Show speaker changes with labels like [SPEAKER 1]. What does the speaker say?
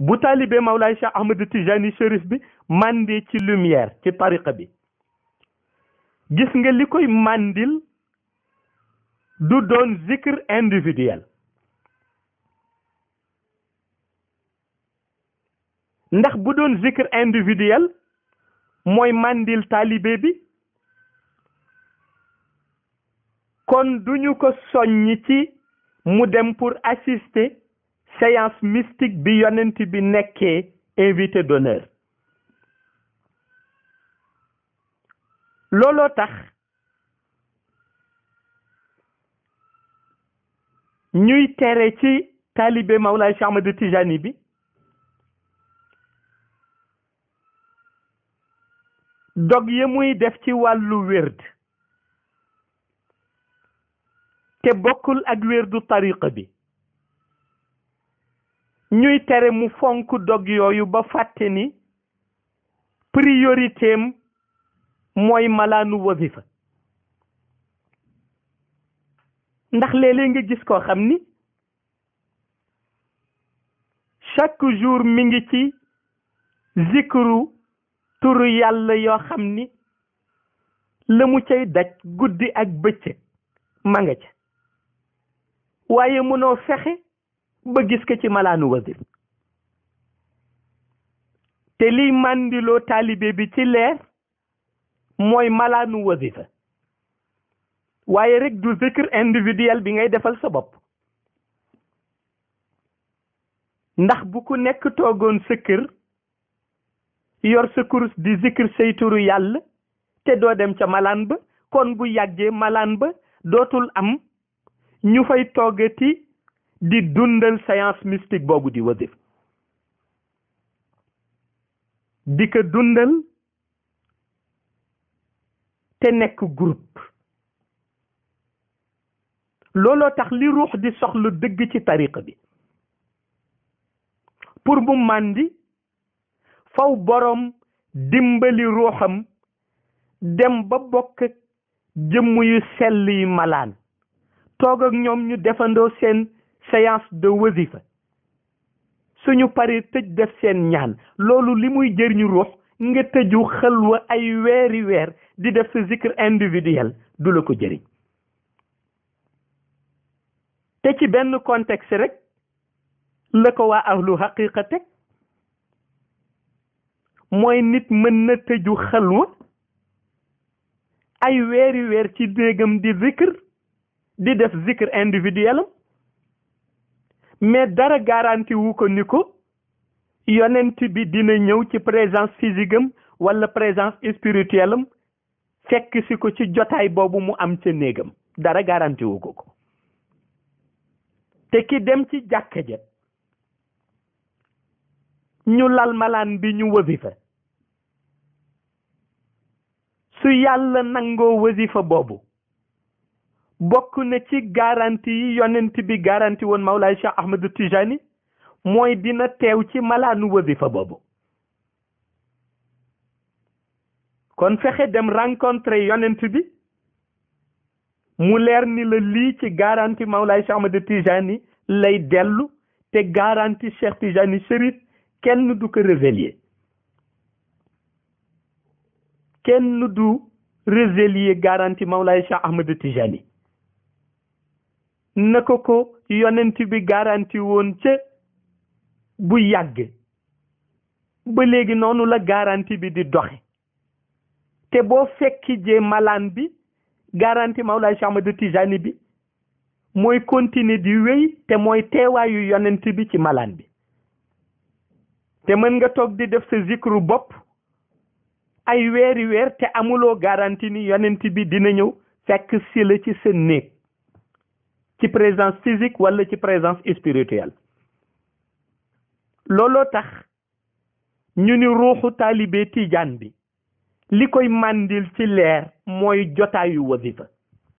[SPEAKER 1] bu taalibe Mawlaay Cheikh Ahmed Tijani Chérif bi màndee ci lumière ci tariqa bi gis nga li koy màndil du doon zikr individuel ndax bu doon zikr individuel mooy màndil taalibe bi kon duñu ko soññ ci mu dem pour assister séance mystique bi yonent bi nekkee invité d'honneur looloo tax ñuy tere ci taalibe Mawlaay Cheikh Ahmad Tijani bi dog yi muy def ci wàllu wérd te bokkul ak wérdu tariqa bi ñuy tere mu fonk dog yooyu ba fàtte ni prioritéem mooy malaanu wazifa ndax léeg-léeg nga gis koo xam ni chaque jour mi ngi ci zikru turu yàlla yoo xam ni la mu cay daj guddi ak bëccëg ma ca waaye mënoo fexe ba gis ka ci malaanu wasif te liy màndiloo taalibe bi ci leer mooy malaanu wasifa waaye rekk du zikr individuel bi ngay defal sa bopp ndax bu ku nekk toogoon sa yor sa kurus di zikr sayturu yàlla te doo dem ca malaan ba kon bu yàggee malaan ba dootul am ñu fay toggati di dundal science mystique boobu di wasif di ko dundal te nekk groupe looloo tax li ruux di soxlu dëgg ci tariqa bi pour bu màndi faw boroom dimbali ruuxam dem ba bokk jëmm yu sell yi malaan toog ak ñoom ñu defandoo seen séance de wasifa suñu paree tëj def seen ñaan loolu li muy jëriñu ruux nga tëju xalwa ay weeri weer di def sa zikr individuel du la ko jëriñ te ci benn contexte rek la ko waa ahlu haqiqa teg mooy nit mën na tëju xalwa ay weeri weer ci déegam di zikr di def zikr individuel mais dara garanti wu ko ni ko yonent bi dina ñëw ci présence physique wala présence spirituelle am fekk si ko ci jotaay boobu mu am ca néegam dara garanti wu ko ko te ki dem ci jàkka ja ñu lal malaan bi ñu wasifa su yàlla nangoo wasifa boobu bokk na ci garanti yi yonent bi garanti woon Mawlaay Cheikh Ahmadu Tijani mooy dina teew ci malaanu wasifa boobu kon fexe dem rencontrer yonent bi mu leer ni la lii ci garanti Mawlaay Cheikh Ahmadu Tijani lay dellu te garanti Cheikh Tijani Chérif kenn du ko révélier kenn du résilier garanti Mawlaay Cheikh Ahmadu Tijani naka ko yonent bi garanti woon ca bu yàgg ba léegi noonu la garanti bi di doxe te boo fekki jee malaan bi garanti Mawlaay Cheikh Ahmadu Tijaani bi mooy continuer di wéy te mooy teewaayu yonent bi ci malaan bi te mën nga toog di def sa zikru bopp ay weeri weer te amuloo garanti ni yonent bi dina ñëw fekk si la ci sa néeg ci présence physique wala ci présence spirituelle looloo tax ñu ni ruuxu taalibe tiijan bi li koy màndil ci leer mooy jotaayu wazifa